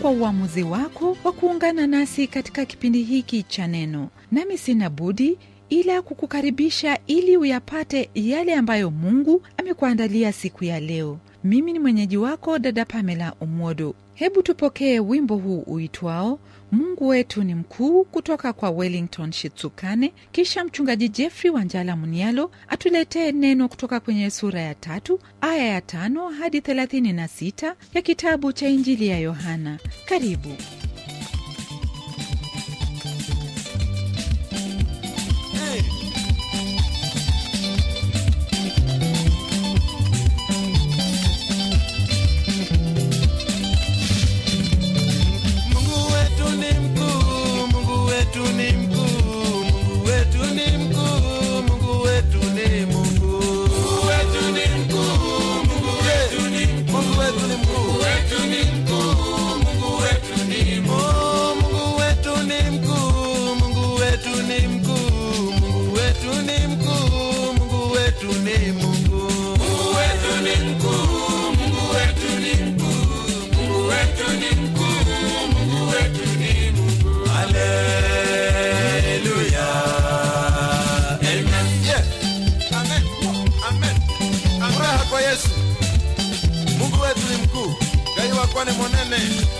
kwa uamuzi wako wa kuungana nasi katika kipindi hiki cha Neno, nami sina budi ila kukukaribisha ili uyapate yale ambayo Mungu amekuandalia siku ya leo. Mimi ni mwenyeji wako dada Pamela Omwodo. Hebu tupokee wimbo huu uitwao Mungu wetu ni mkuu, kutoka kwa Wellington Shitsukane. Kisha mchungaji Jeffrey Wanjala Munialo atuletee neno kutoka kwenye sura ya tatu aya ya tano hadi 36 ya kitabu cha Injili ya Yohana. Karibu. kwani monene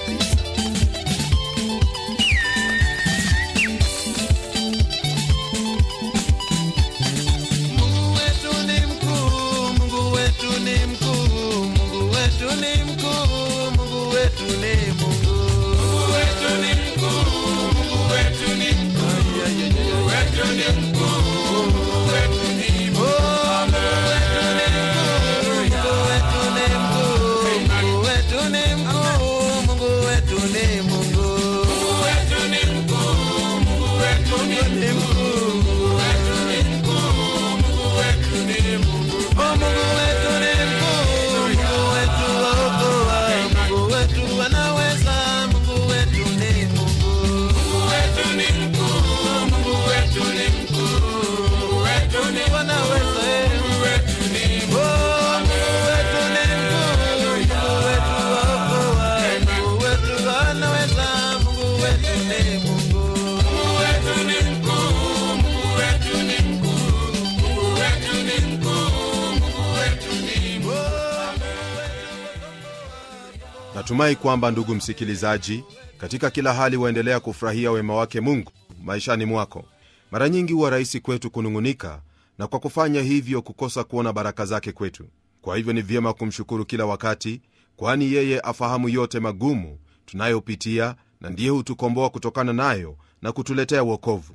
natumai kwamba ndugu msikilizaji katika kila hali waendelea kufurahia wema wake mungu maishani mwako mara nyingi huwa rahisi kwetu kunung'unika na kwa kufanya hivyo kukosa kuona baraka zake kwetu kwa hivyo ni vyema kumshukuru kila wakati kwani yeye afahamu yote magumu tunayopitia na ndiye hutukomboa kutokana nayo na kutuletea uokovu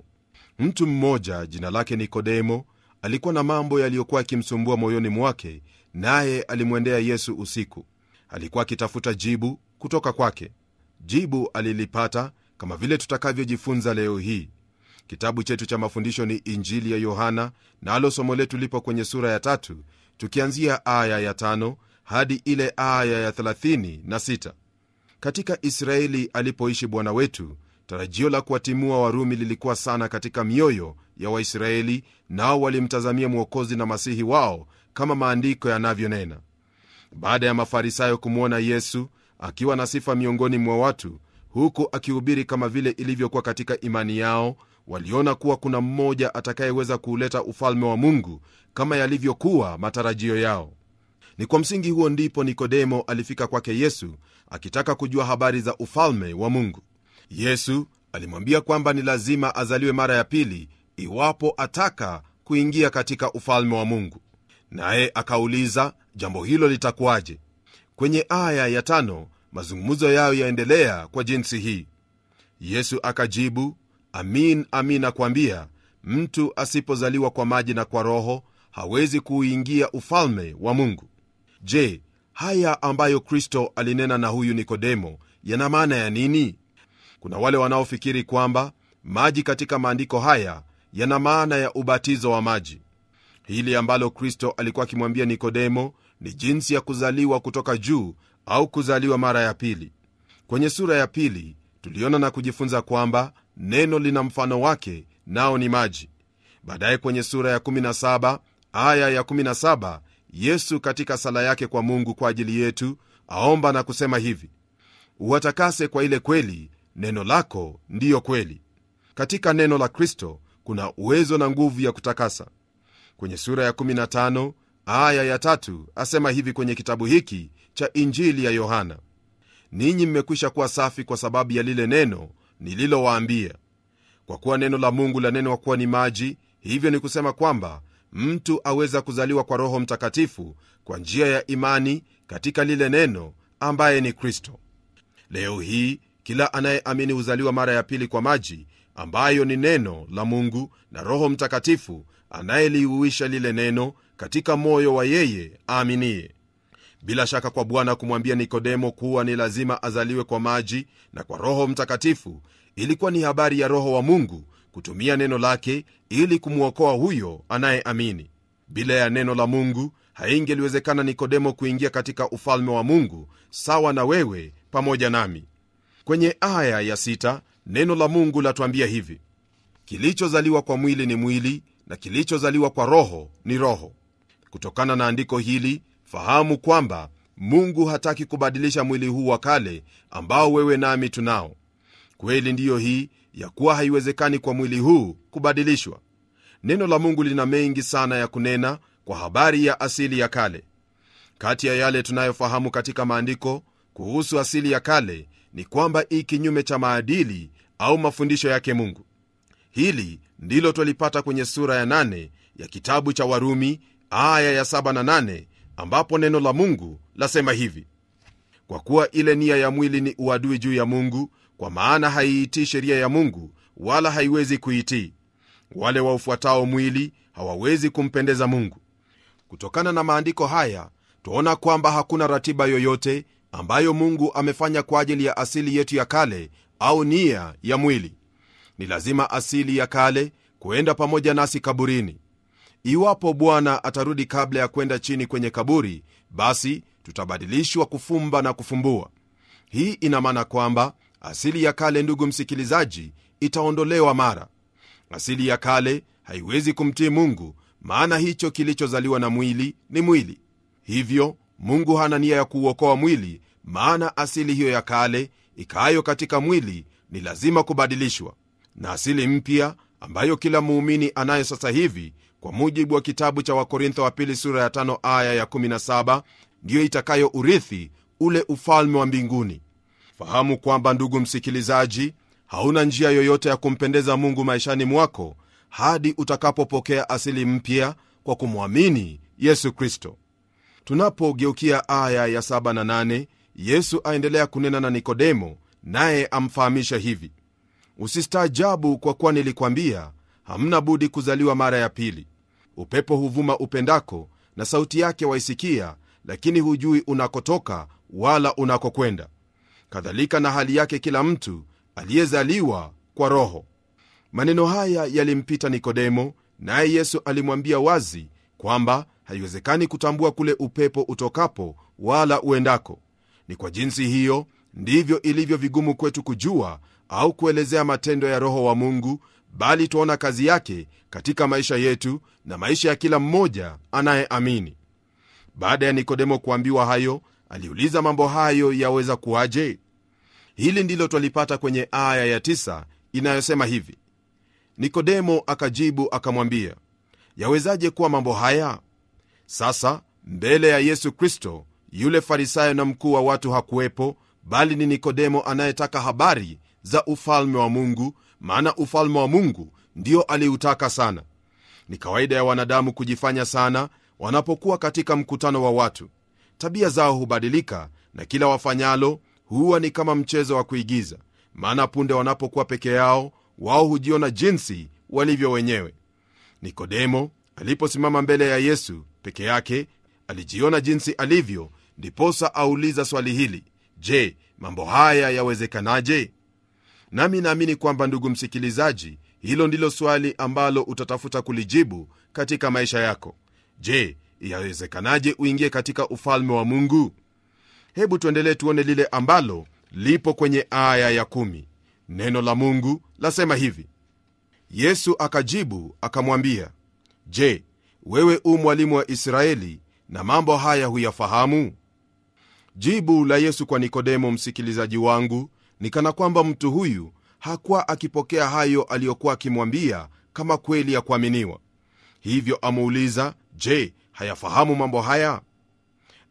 mtu mmoja jina lake nikodemo alikuwa na mambo yaliyokuwa yakimsumbua moyoni mwake naye alimwendea yesu usiku alikuwa akitafuta jibu kutoka kwake jibu alilipata kama vile tutakavyojifunza leo hii kitabu chetu cha mafundisho ni injili ya yohana nalo na somo letu lipo kwenye sura ya tatu tukianzia aya ya tano hadi ile aya ya thelathini na sita katika israeli alipoishi bwana wetu tarajio la kuwatimua warumi lilikuwa sana katika mioyo ya waisraeli nao walimtazamia mwokozi na masihi wao kama maandiko yanavyonena baada ya mafarisayo kumwona yesu akiwa na sifa miongoni mwa watu huku akihubiri kama vile ilivyokuwa katika imani yao waliona kuwa kuna mmoja atakayeweza kuuleta ufalme wa mungu kama yalivyokuwa matarajio yao ni kwa msingi huo ndipo nikodemo alifika kwake yesu akitaka kujua habari za ufalme wa mungu yesu alimwambia kwamba ni lazima azaliwe mara ya pili iwapo ataka kuingia katika ufalme wa mungu naye akauliza jambo hilo litakuwaje kwenye aya ya tano mazungumzo yao yaendelea kwa jinsi hii yesu akajibu amin amin akuambia mtu asipozaliwa kwa maji na kwa roho hawezi kuuingia ufalme wa mungu je haya ambayo kristo alinena na huyu nikodemo yana maana ya nini kuna wale wanaofikiri kwamba maji katika maandiko haya yana maana ya ubatizo wa maji hili ambalo kristo alikuwa akimwambia nikodemo ni jinsi ya kuzaliwa kutoka juu au kuzaliwa mara ya pili kwenye sura ya pili tuliona na kujifunza kwamba neno lina mfano wake nao ni maji baadaye kwenye sura ya 17 aya ya 17 yesu katika sala yake kwa mungu kwa ajili yetu aomba na kusema hivi uwatakase kwa ile kweli neno lako ndiyo kweli katika neno la kristo kuna uwezo na nguvu ya kutakasa kwenye sura ya aya ya tatu asema hivi kwenye kitabu hiki cha injili ya yohana ninyi mmekwisha kuwa safi kwa sababu ya lile neno nililowaambia kwa kuwa neno la mungu lanenwa kuwa ni maji hivyo ni kusema kwamba mtu aweza kuzaliwa kwa roho mtakatifu kwa njia ya imani katika lile neno ambaye ni kristo leo hii kila anayeamini huzaliwa mara ya pili kwa maji ambayo ni neno la mungu na roho mtakatifu anayeliuisha lile neno katika moyo wa yeye aaminie bila shaka kwa bwana kumwambia nikodemo kuwa ni lazima azaliwe kwa maji na kwa roho mtakatifu ilikuwa ni habari ya roho wa mungu kutumia neno lake ili kumwokoa huyo anayeamini bila ya neno la mungu haingeliwezekana nikodemo kuingia katika ufalme wa mungu sawa na wewe pamoja nami kwenye aya ya sita, neno la mungu latuambia hivi kilichozaliwa kwa mwili ni mwili na kilichozaliwa kwa roho ni roho kutokana na andiko hili fahamu kwamba mungu hataki kubadilisha mwili huu wa kale ambao wewe nami tunao kweli ndiyo hii ya kuwa haiwezekani kwa mwili huu kubadilishwa neno la mungu lina mengi sana ya kunena kwa habari ya asili ya kale kati ya yale tunayofahamu katika maandiko kuhusu asili ya kale ni kwamba ii kinyume cha maadili au mafundisho yake mungu hili ndilo twalipata kwenye sura ya 8 ya kitabu cha warumi aya ya 7 na ambapo neno la mungu lasema hivi kwa kuwa ile nia ya mwili ni uadui juu ya mungu kwa maana haiitii sheria ya mungu wala haiwezi kuitii wale waufuatao mwili hawawezi kumpendeza mungu kutokana na maandiko haya twaona kwamba hakuna ratiba yoyote ambayo mungu amefanya kwa ajili ya asili yetu ya kale au nia ya mwili ni lazima asili ya kale kuenda pamoja nasi kaburini iwapo bwana atarudi kabla ya kwenda chini kwenye kaburi basi tutabadilishwa kufumba na kufumbua hii ina maana kwamba asili ya kale ndugu msikilizaji itaondolewa mara asili ya kale haiwezi kumtii mungu maana hicho kilichozaliwa na mwili ni mwili hivyo mungu hana nia ya kuuokoa mwili maana asili hiyo ya kale ikaayo katika mwili ni lazima kubadilishwa na asili mpya ambayo kila muumini anayo sasa hivi kwa mujibu wa kitabu cha wakorintho wa pili sura ya 5 aya ya 17 ndiyo itakayo urithi ule ufalme wa mbinguni fahamu kwamba ndugu msikilizaji hauna njia yoyote ya kumpendeza mungu maishani mwako hadi utakapopokea asili mpya kwa kumwamini yesu kristo tunapogeukia aya ya 7 na yesu aendelea kunena na nikodemo naye amfahamisha hivi usistaajabu kwa kuwa nilikwambia hamna budi kuzaliwa mara ya pili upepo huvuma upendako na sauti yake waisikia lakini hujui unakotoka wala unakokwenda kadhalika na hali yake kila mtu aliyezaliwa kwa roho maneno haya yalimpita nikodemo naye yesu alimwambia wazi kwamba haiwezekani kutambua kule upepo utokapo wala uendako ni kwa jinsi hiyo ndivyo ilivyo vigumu kwetu kujua au kuelezea matendo ya roho wa mungu bali twaona kazi yake katika maisha yetu na maisha ya kila mmoja anayeamini baada ya nikodemo kuambiwa hayo aliuliza mambo hayo yaweza kuwaje hili ndilo twalipata kwenye aya ya 9 inayosema hivi nikodemo akajibu akamwambia yawezaje kuwa mambo haya sasa mbele ya yesu kristo yule farisayo na mkuu wa watu hakuwepo bali ni nikodemo anayetaka habari za ufalme wa mungu maana ufalme wa mungu ndio aliutaka sana ni kawaida ya wanadamu kujifanya sana wanapokuwa katika mkutano wa watu tabia zao hubadilika na kila wafanyalo huwa ni kama mchezo wa kuigiza maana punde wanapokuwa peke yao wao hujiona jinsi walivyo wenyewe nikodemo aliposimama mbele ya yesu peke yake alijiona jinsi alivyo ndiposa auliza swali hili je mambo haya yawezekanaje nami naamini kwamba ndugu msikilizaji hilo ndilo swali ambalo utatafuta kulijibu katika maisha yako je yawezekanaje uingie katika ufalme wa mungu hebu tuendelee tuone lile ambalo lipo kwenye aya ya kumi. neno la mungu lasema hivi yesu akajibu akamwambia je wewe u mwalimu wa israeli na mambo haya huyafahamu jibu la yesu kwa nikodemo msikilizaji wangu ni kana kwamba mtu huyu hakuwa akipokea hayo aliyokuwa akimwambia kama kweli ya kuaminiwa. Hivyo ameuliza, je, hayafahamu mambo haya?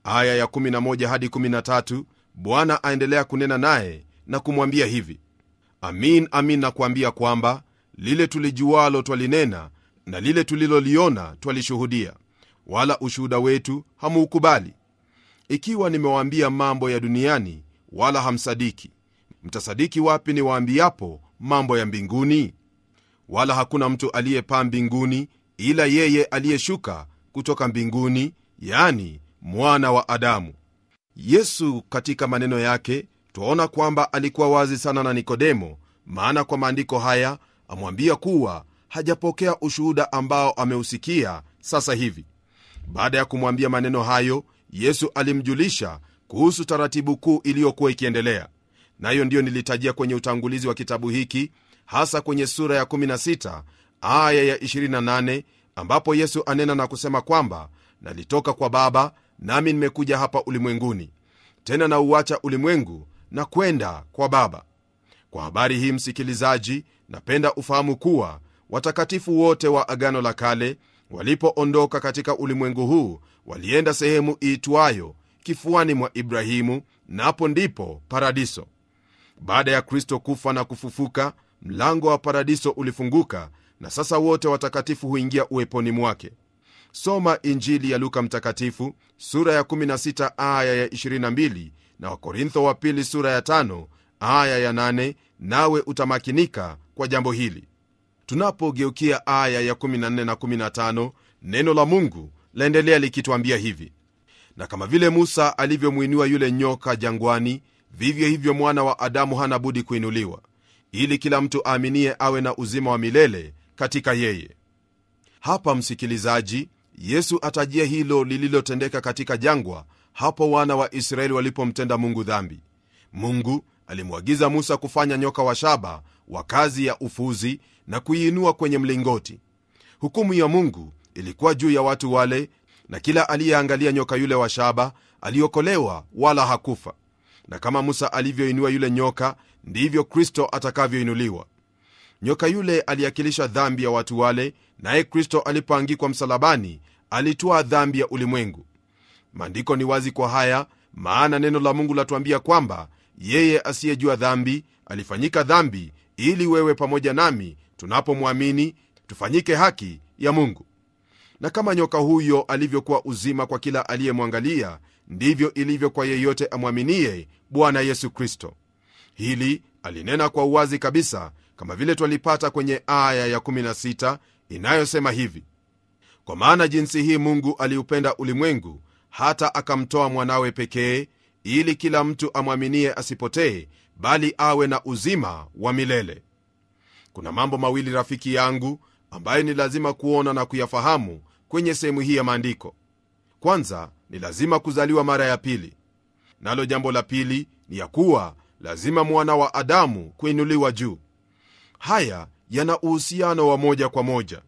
Aya ya 11 hadi 13, Bwana aendelea kunena naye na kumwambia hivi: Amin, amin nakuambia kwamba lile tulijualo twalinena na lile tuliloliona twalishuhudia, wala ushuhuda wetu hamuukubali. Ikiwa nimewaambia mambo ya duniani, wala hamsadiki, mtasadiki wapi waambiapo mambo ya mbinguni? Wala hakuna mtu aliyepaa mbinguni ila yeye aliyeshuka kutoka mbinguni, yani mwana wa Adamu. Yesu katika maneno yake twaona kwamba alikuwa wazi sana na Nikodemo, maana kwa maandiko haya amwambia kuwa hajapokea ushuhuda ambao ameusikia sasa hivi. Baada ya kumwambia maneno hayo, Yesu alimjulisha kuhusu taratibu kuu iliyokuwa ikiendelea nayo ndiyo nilitajia kwenye utangulizi wa kitabu hiki hasa kwenye sura ya 16 aya ya 28 ambapo yesu anena na kusema kwamba nalitoka kwa baba nami nimekuja hapa ulimwenguni tena nauacha ulimwengu na kwenda kwa baba kwa habari hii msikilizaji napenda ufahamu kuwa watakatifu wote wa agano la kale walipoondoka katika ulimwengu huu walienda sehemu iitwayo kifuani mwa ibrahimu napo na ndipo paradiso baada ya kristo kufa na kufufuka mlango wa paradiso ulifunguka na sasa wote watakatifu huingia uweponi mwake soma injili ya luka mtakatifu sura ya 16 aya ya 22 na wakorintho wa pili sura ya 5 aya ya 8 nawe utamakinika kwa jambo hili tunapogeukia aya ya 14 na 15 neno la mungu laendelea likitwambia hivi na kama vile musa alivyomwinua yule nyoka jangwani vivyo hivyo mwana wa Adamu hana budi kuinuliwa, ili kila mtu aaminie awe na uzima wa milele katika yeye. Hapa msikilizaji, Yesu atajia hilo lililotendeka katika jangwa, hapo wana wa Israeli walipomtenda Mungu dhambi. Mungu alimwagiza Musa kufanya nyoka wa shaba wa kazi ya ufuzi na kuiinua kwenye mlingoti. Hukumu ya Mungu ilikuwa juu ya watu wale, na kila aliyeangalia nyoka yule wa shaba aliokolewa, wala hakufa na kama Musa alivyoinua yule nyoka, ndivyo Kristo atakavyoinuliwa. Nyoka yule aliakilisha dhambi ya watu wale, naye Kristo alipoangikwa msalabani alitwaa dhambi ya ulimwengu. Maandiko ni wazi kwa haya, maana neno la Mungu latuambia kwamba yeye asiyejua dhambi alifanyika dhambi, ili wewe pamoja nami tunapomwamini tufanyike haki ya Mungu. Na kama nyoka huyo alivyokuwa uzima kwa kila aliyemwangalia, ndivyo ilivyo kwa yeyote amwaminiye bwana yesu kristo hili alinena kwa uwazi kabisa kama vile twalipata kwenye aya ya 16 inayosema hivi kwa maana jinsi hii mungu aliupenda ulimwengu hata akamtoa mwanawe pekee ili kila mtu amwaminie asipotee bali awe na uzima wa milele kuna mambo mawili rafiki yangu ambayo ni lazima kuona na kuyafahamu kwenye sehemu hii ya maandiko kwanza ni lazima kuzaliwa mara ya pili. Nalo jambo la pili ni ya kuwa lazima mwana wa Adamu kuinuliwa juu. Haya yana uhusiano wa moja kwa moja.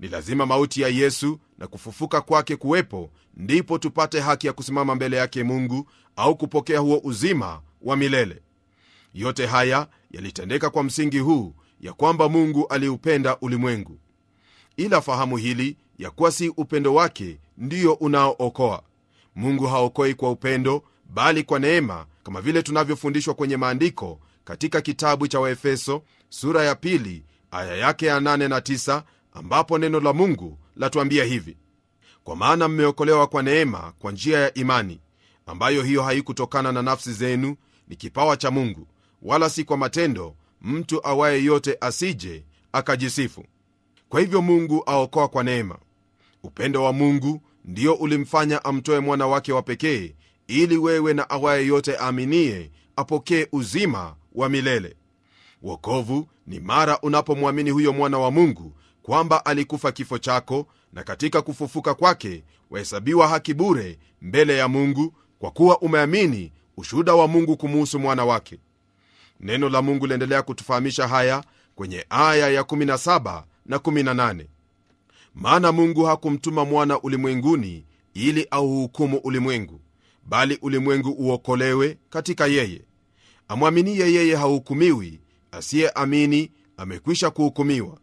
Ni lazima mauti ya Yesu na kufufuka kwake kuwepo, ndipo tupate haki ya kusimama mbele yake Mungu au kupokea huo uzima wa milele. Yote haya yalitendeka kwa msingi huu ya kwamba Mungu aliupenda ulimwengu. Ila fahamu hili ya kuwa si upendo wake ndiyo unaookoa. Mungu haokoi kwa upendo, bali kwa neema, kama vile tunavyofundishwa kwenye maandiko katika kitabu cha Waefeso sura ya pili aya yake ya nane na tisa, ambapo neno la Mungu latuambia hivi: kwa maana mmeokolewa kwa neema kwa njia ya imani, ambayo hiyo haikutokana na nafsi zenu, ni kipawa cha Mungu, wala si kwa matendo, mtu awaye yote asije akajisifu. Kwa hivyo Mungu aokoa kwa neema. Upendo wa Mungu ndio ulimfanya amtoe mwana wake wa pekee ili wewe na awaye yote aaminie apokee uzima wa milele. Wokovu ni mara unapomwamini huyo mwana wa Mungu kwamba alikufa kifo chako, na katika kufufuka kwake wahesabiwa haki bure mbele ya Mungu, kwa kuwa umeamini ushuhuda wa Mungu kumuhusu mwana wake. Neno la Mungu liendelea kutufahamisha haya kwenye aya ya 17 na 18 maana mungu hakumtuma mwana ulimwenguni ili auhukumu ulimwengu bali ulimwengu uokolewe katika yeye amwaminiye yeye hahukumiwi asiyeamini amekwisha kuhukumiwa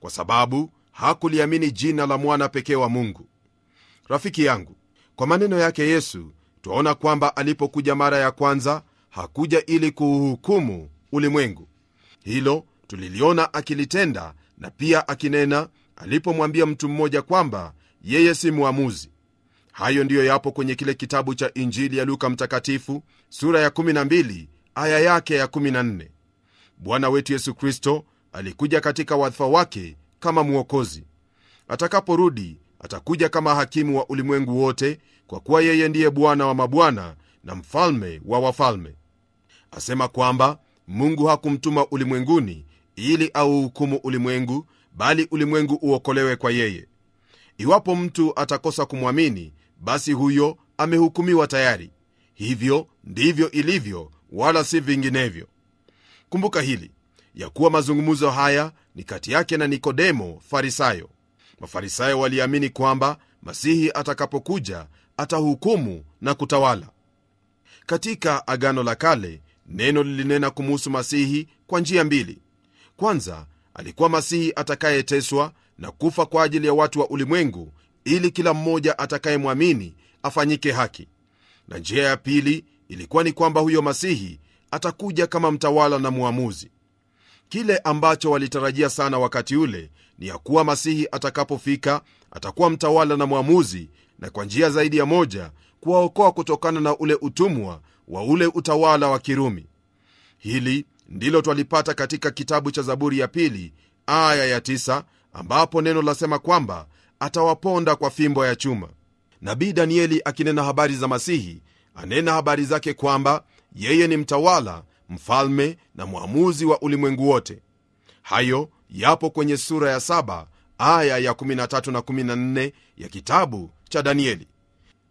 kwa sababu hakuliamini jina la mwana pekee wa mungu rafiki yangu kwa maneno yake yesu twaona kwamba alipokuja mara ya kwanza hakuja ili kuuhukumu ulimwengu hilo tuliliona akilitenda na pia akinena alipomwambia mtu mmoja kwamba yeye si mwamuzi. Hayo ndiyo yapo kwenye kile kitabu cha Injili ya Luka Mtakatifu sura ya 12 aya yake ya 14. Bwana wetu Yesu Kristo alikuja katika wadhifa wake kama Mwokozi. Atakaporudi atakuja kama hakimu wa ulimwengu wote, kwa kuwa yeye ndiye Bwana wa mabwana na mfalme wa wafalme. Asema kwamba Mungu hakumtuma ulimwenguni ili auhukumu ulimwengu, bali ulimwengu uokolewe kwa yeye. Iwapo mtu atakosa kumwamini, basi huyo amehukumiwa tayari. Hivyo ndivyo ilivyo, wala si vinginevyo. Kumbuka hili ya kuwa mazungumzo haya ni kati yake na Nikodemo Farisayo. Mafarisayo waliamini kwamba Masihi atakapokuja atahukumu na kutawala. Katika Agano la Kale neno lilinena kumuhusu Masihi kwa njia mbili. Kwanza alikuwa Masihi atakayeteswa na kufa kwa ajili ya watu wa ulimwengu, ili kila mmoja atakayemwamini afanyike haki. Na njia ya pili ilikuwa ni kwamba huyo Masihi atakuja kama mtawala na mwamuzi. Kile ambacho walitarajia sana wakati ule ni ya kuwa Masihi atakapofika atakuwa mtawala na mwamuzi, na kwa njia zaidi ya moja kuwaokoa kutokana na ule utumwa wa ule utawala wa Kirumi. Hili ndilo twalipata katika kitabu cha zaburi ya pili aya ya tisa, ambapo neno lasema kwamba atawaponda kwa fimbo ya chuma nabii danieli akinena habari za masihi anena habari zake kwamba yeye ni mtawala mfalme na mwamuzi wa ulimwengu wote hayo yapo kwenye sura ya saba aya ya 13 na 14 ya kitabu cha danieli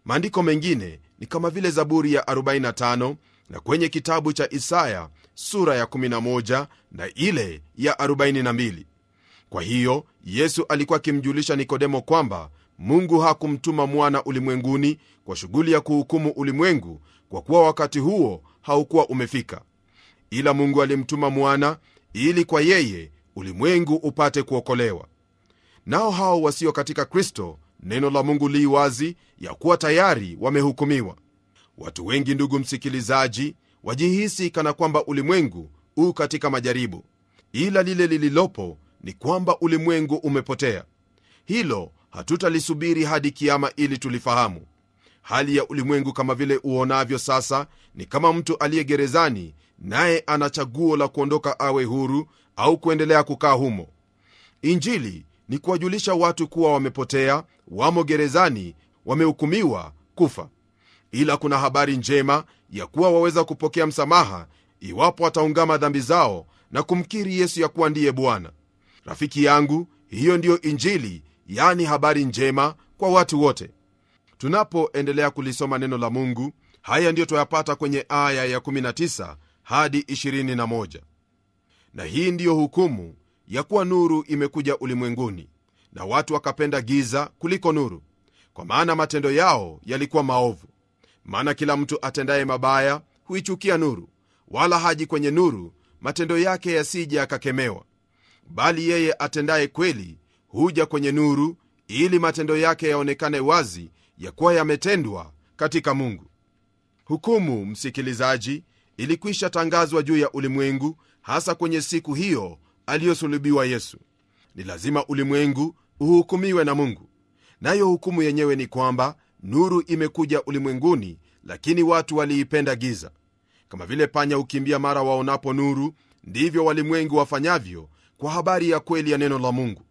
maandiko mengine ni kama vile zaburi ya 45 na kwenye kitabu cha isaya sura ya 11 na ile ya 42 kwa hiyo yesu alikuwa akimjulisha nikodemo kwamba mungu hakumtuma mwana ulimwenguni kwa shughuli ya kuhukumu ulimwengu kwa kuwa wakati huo haukuwa umefika ila mungu alimtuma mwana ili kwa yeye ulimwengu upate kuokolewa nao hao wasio katika kristo neno la mungu lii wazi ya kuwa tayari wamehukumiwa watu wengi ndugu msikilizaji wajihisi kana kwamba ulimwengu u katika majaribu ila lile lililopo ni kwamba ulimwengu umepotea hilo hatutalisubiri hadi kiama ili tulifahamu hali ya ulimwengu kama vile uonavyo sasa ni kama mtu aliye gerezani naye ana chaguo la kuondoka awe huru au kuendelea kukaa humo injili ni kuwajulisha watu kuwa wamepotea wamo gerezani wamehukumiwa kufa ila kuna habari njema ya kuwa waweza kupokea msamaha iwapo wataungama dhambi zao na kumkiri Yesu ya kuwa ndiye Bwana. Rafiki yangu, hiyo ndiyo Injili, yani habari njema kwa watu wote. Tunapoendelea kulisoma neno la Mungu, haya ndiyo twayapata kwenye aya ya 19 hadi 21. Na hii ndiyo hukumu ya kuwa nuru imekuja ulimwenguni, na watu wakapenda giza kuliko nuru, kwa maana matendo yao yalikuwa maovu maana kila mtu atendaye mabaya huichukia nuru wala haji kwenye nuru matendo yake yasije yakakemewa bali yeye atendaye kweli huja kwenye nuru ili matendo yake yaonekane wazi ya kuwa yametendwa katika mungu hukumu msikilizaji ilikwisha tangazwa juu ya ulimwengu hasa kwenye siku hiyo aliyosulubiwa yesu ni lazima ulimwengu uhukumiwe na mungu nayo hukumu yenyewe ni kwamba nuru imekuja ulimwenguni lakini watu waliipenda giza kama vile panya hukimbia mara waonapo nuru ndivyo walimwengu wafanyavyo kwa habari ya kweli ya neno la mungu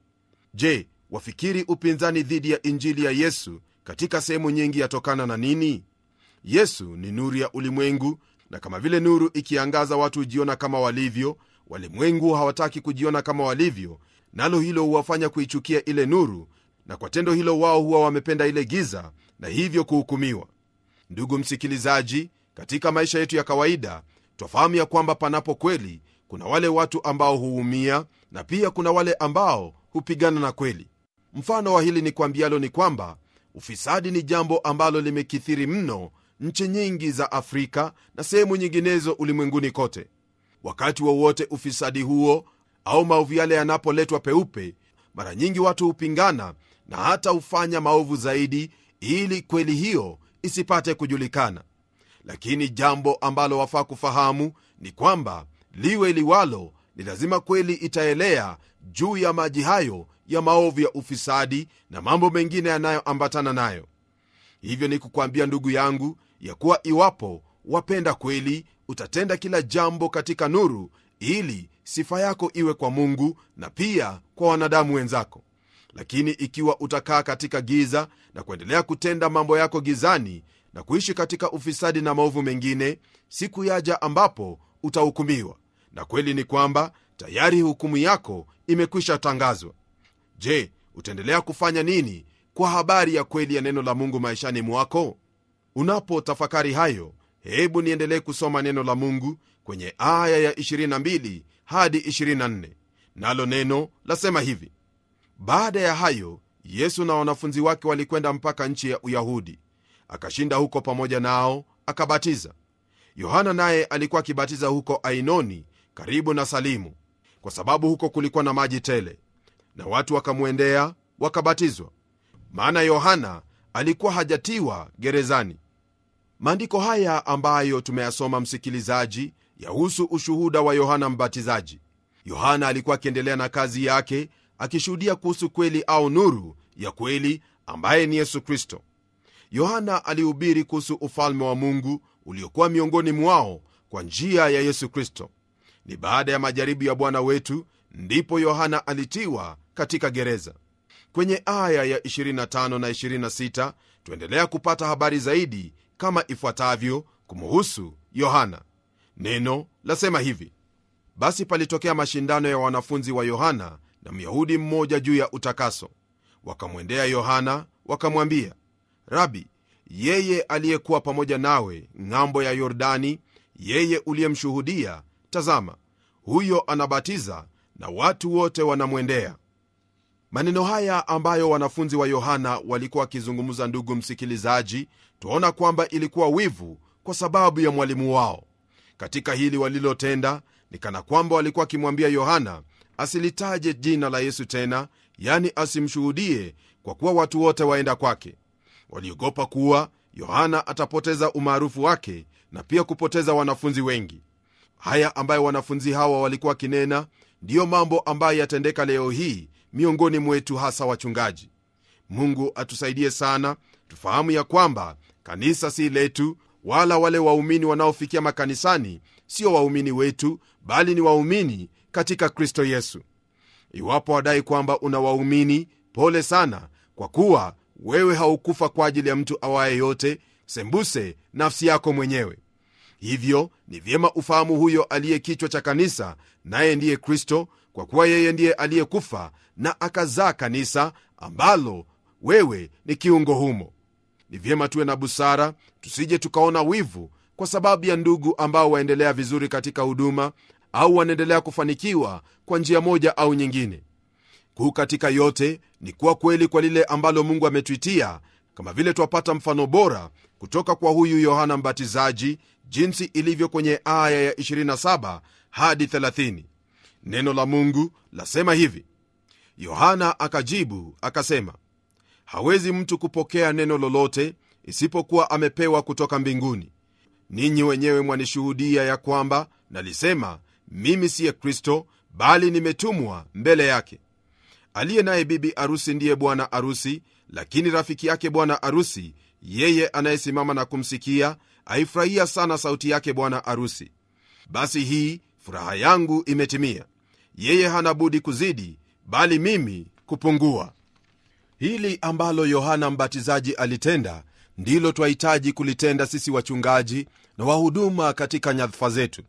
je wafikiri upinzani dhidi ya injili ya yesu katika sehemu nyingi yatokana na nini yesu ni nuru ya ulimwengu na kama vile nuru ikiangaza watu hujiona kama walivyo walimwengu hawataki kujiona kama walivyo nalo hilo huwafanya kuichukia ile nuru na kwa tendo hilo wao huwa wamependa ile giza na hivyo kuhukumiwa. Ndugu msikilizaji, katika maisha yetu ya kawaida twafahamu ya kwamba panapo kweli kuna wale watu ambao huumia na pia kuna wale ambao hupigana na kweli. Mfano wa hili ni kwambialo ni kwamba ufisadi ni jambo ambalo limekithiri mno nchi nyingi za Afrika na sehemu nyinginezo ulimwenguni kote. Wakati wowote wa ufisadi huo au maovu yale yanapoletwa peupe, mara nyingi watu hupingana na hata hufanya maovu zaidi ili kweli hiyo isipate kujulikana lakini jambo ambalo wafaa kufahamu ni kwamba liwe liwalo ni lazima kweli itaelea juu ya maji hayo ya maovu ya ufisadi na mambo mengine yanayoambatana nayo hivyo ni kukwambia ndugu yangu ya kuwa iwapo wapenda kweli utatenda kila jambo katika nuru ili sifa yako iwe kwa mungu na pia kwa wanadamu wenzako lakini ikiwa utakaa katika giza na kuendelea kutenda mambo yako gizani na kuishi katika ufisadi na maovu mengine siku yaja ambapo utahukumiwa na kweli ni kwamba tayari hukumu yako imekwisha tangazwa je utaendelea kufanya nini kwa habari ya kweli ya neno la mungu maishani mwako unapo tafakari hayo hebu niendelee kusoma neno la mungu kwenye aya ya 22 hadi 24 nalo neno lasema hivi baada ya hayo yesu na wanafunzi wake walikwenda mpaka nchi ya uyahudi akashinda huko pamoja nao akabatiza yohana naye alikuwa akibatiza huko ainoni karibu na salimu kwa sababu huko kulikuwa na maji tele na watu wakamwendea wakabatizwa maana yohana alikuwa hajatiwa gerezani maandiko haya ambayo tumeyasoma msikilizaji yahusu ushuhuda wa yohana mbatizaji yohana alikuwa akiendelea na kazi yake akishuhudia kuhusu kweli au nuru ya kweli ambaye ni yesu kristo yohana alihubiri kuhusu ufalme wa mungu uliokuwa miongoni mwao kwa njia ya yesu kristo ni baada ya majaribu ya bwana wetu ndipo yohana alitiwa katika gereza kwenye aya ya 25 na 26 tuendelea kupata habari zaidi kama ifuatavyo kumuhusu yohana neno lasema hivi basi palitokea mashindano ya wanafunzi wa yohana na Myahudi mmoja juu ya utakaso. Wakamwendea Yohana wakamwambia, Rabi, yeye aliyekuwa pamoja nawe ng'ambo ya Yordani, yeye uliyemshuhudia, tazama, huyo anabatiza na watu wote wanamwendea. Maneno haya ambayo wanafunzi wa Yohana walikuwa wakizungumza, ndugu msikilizaji, twaona kwamba ilikuwa wivu kwa sababu ya mwalimu wao. Katika hili walilotenda, ni kana kwamba walikuwa wakimwambia Yohana asilitaje jina la Yesu tena, yani asimshuhudie, kwa kuwa watu wote waenda kwake. Waliogopa kuwa Yohana atapoteza umaarufu wake na pia kupoteza wanafunzi wengi. Haya ambayo wanafunzi hawa walikuwa wakinena ndiyo mambo ambayo yatendeka leo hii miongoni mwetu, hasa wachungaji. Mungu atusaidie sana, tufahamu ya kwamba kanisa si letu, wala wale waumini wanaofikia makanisani sio waumini wetu, bali ni waumini katika kristo yesu iwapo wadai kwamba una waumini pole sana kwa kuwa wewe haukufa kwa ajili ya mtu awaye yote sembuse nafsi yako mwenyewe hivyo ni vyema ufahamu huyo aliye kichwa cha kanisa naye ndiye kristo kwa kuwa yeye ndiye aliyekufa na akazaa kanisa ambalo wewe ni kiungo humo ni vyema tuwe na busara tusije tukaona wivu kwa sababu ya ndugu ambao waendelea vizuri katika huduma au wanaendelea kufanikiwa kwa njia moja au nyingine kuu katika yote ni kuwa kweli kwa lile ambalo mungu ametwitia kama vile twapata mfano bora kutoka kwa huyu yohana mbatizaji jinsi ilivyo kwenye aya ya 27 hadi 30 neno la mungu lasema hivi yohana akajibu akasema hawezi mtu kupokea neno lolote isipokuwa amepewa kutoka mbinguni ninyi wenyewe mwanishuhudia ya kwamba nalisema mimi siye kristo bali nimetumwa mbele yake aliye naye bibi arusi ndiye bwana arusi lakini rafiki yake bwana arusi yeye anayesimama na kumsikia aifurahia sana sauti yake bwana arusi basi hii furaha yangu imetimia yeye hana budi kuzidi bali mimi kupungua hili ambalo yohana mbatizaji alitenda ndilo twahitaji kulitenda sisi wachungaji na wahuduma katika nyadhfa zetu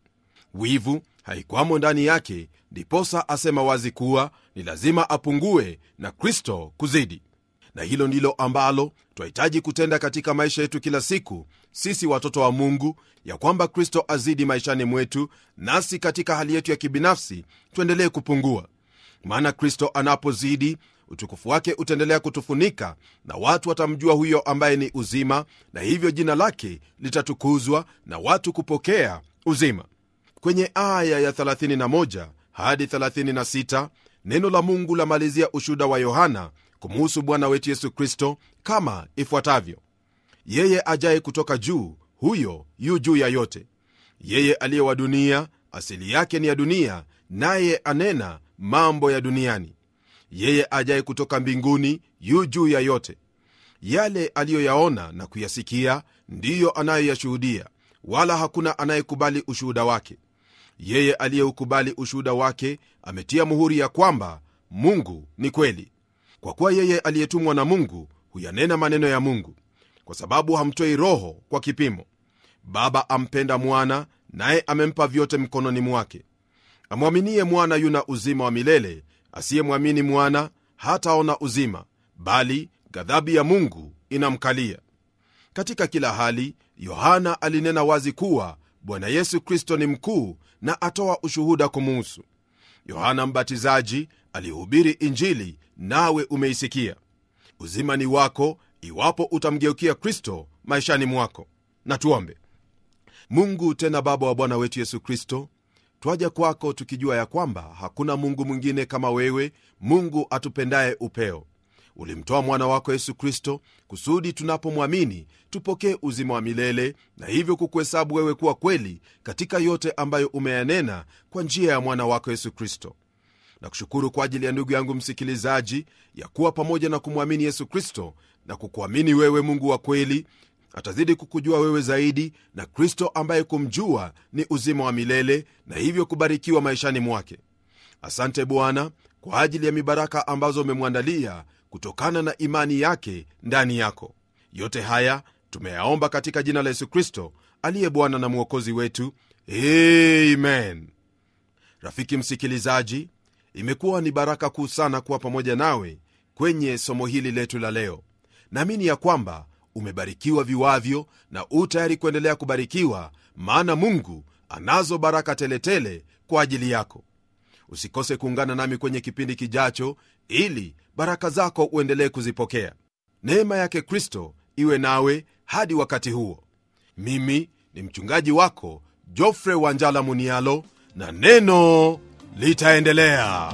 wivu haikwamo ndani yake ndiposa asema wazi kuwa ni lazima apungue na kristo kuzidi na hilo ndilo ambalo twahitaji kutenda katika maisha yetu kila siku sisi watoto wa mungu ya kwamba kristo azidi maishani mwetu nasi katika hali yetu ya kibinafsi tuendelee kupungua maana kristo anapozidi utukufu wake utaendelea kutufunika na watu watamjua huyo ambaye ni uzima na hivyo jina lake litatukuzwa na watu kupokea uzima kwenye aya ya 31 hadi 36 neno la mungu lamalizia ushuda wa yohana kumuhusu bwana wetu yesu kristo kama ifuatavyo yeye ajaye kutoka juu huyo yu juu ya yote yeye aliye wa dunia asili yake ni ya dunia naye anena mambo ya duniani yeye ajaye kutoka mbinguni yu juu ya yote yale aliyoyaona na kuyasikia ndiyo anayoyashuhudia wala hakuna anayekubali ushuhuda wake yeye aliyeukubali ushuhuda wake ametia muhuri ya kwamba mungu ni kweli kwa kuwa yeye aliyetumwa na mungu huyanena maneno ya mungu kwa sababu hamtoi roho kwa kipimo baba ampenda mwana naye amempa vyote mkononi mwake amwaminie mwana yuna uzima wa milele asiyemwamini mwana hataona uzima bali ghadhabu ya mungu inamkalia katika kila hali yohana alinena wazi kuwa bwana yesu kristo ni mkuu na atoa ushuhuda kumuhusu yohana mbatizaji alihubiri injili nawe umeisikia uzima ni wako iwapo utamgeukia kristo maishani mwako na tuombe mungu tena baba wa bwana wetu yesu kristo twaja kwako tukijua ya kwamba hakuna mungu mwingine kama wewe mungu atupendaye upeo ulimtoa mwana wako yesu kristo kusudi tunapomwamini tupokee uzima wa milele na hivyo kukuhesabu wewe kuwa kweli katika yote ambayo umeyanena kwa njia ya mwana wako yesu kristo na kushukuru kwa ajili ya ndugu yangu msikilizaji ya kuwa pamoja na kumwamini yesu kristo na kukuamini wewe mungu wa kweli atazidi kukujua wewe zaidi na kristo ambaye kumjua ni uzima wa milele na hivyo kubarikiwa maishani mwake asante bwana kwa ajili ya mibaraka ambazo umemwandalia kutokana na imani yake ndani yako. Yote haya tumeyaomba katika jina la Yesu Kristo aliye Bwana na Mwokozi wetu, amen. Rafiki msikilizaji, imekuwa ni baraka kuu sana kuwa pamoja nawe kwenye somo hili letu la leo. Naamini ya kwamba umebarikiwa viwavyo na u tayari kuendelea kubarikiwa, maana Mungu anazo baraka teletele kwa ajili yako. Usikose kuungana nami kwenye kipindi kijacho, ili baraka zako uendelee kuzipokea. Neema yake Kristo iwe nawe hadi wakati huo. Mimi ni mchungaji wako Jofre Wanjala Munialo, na neno litaendelea.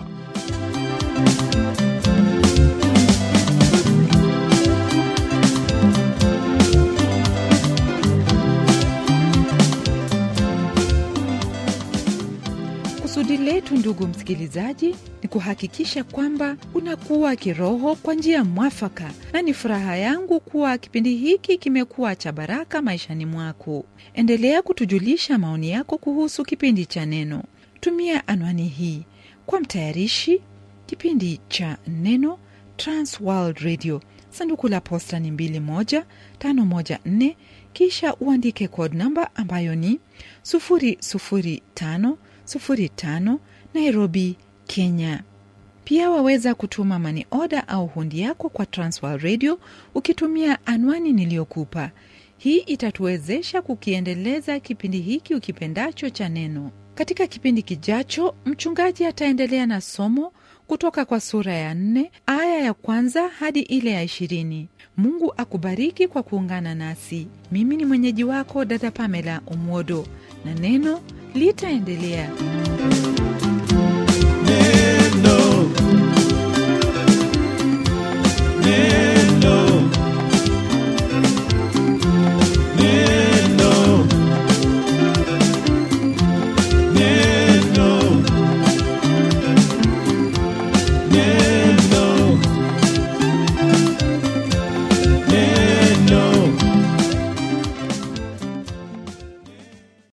Kusudi letu, ndugu msikilizaji, ni kuhakikisha kwamba unakuwa kiroho kwa njia mwafaka, na ni furaha yangu kuwa kipindi hiki kimekuwa cha baraka maishani mwako. Endelea kutujulisha maoni yako kuhusu kipindi cha Neno. Tumia anwani hii kwa mtayarishi kipindi cha Neno, transworld Radio, sanduku la posta ni 21514, kisha uandike code namba ambayo ni 05 Nairobi, Kenya. Pia waweza kutuma mani oda au hundi yako kwa transwal Radio ukitumia anwani niliyokupa. Hii itatuwezesha kukiendeleza kipindi hiki ukipendacho cha Neno. Katika kipindi kijacho, mchungaji ataendelea na somo kutoka kwa sura ya nne aya ya kwanza hadi ile ya ishirini. Mungu akubariki kwa kuungana nasi. Mimi ni mwenyeji wako dada Pamela Umwodo, na neno litaendelea.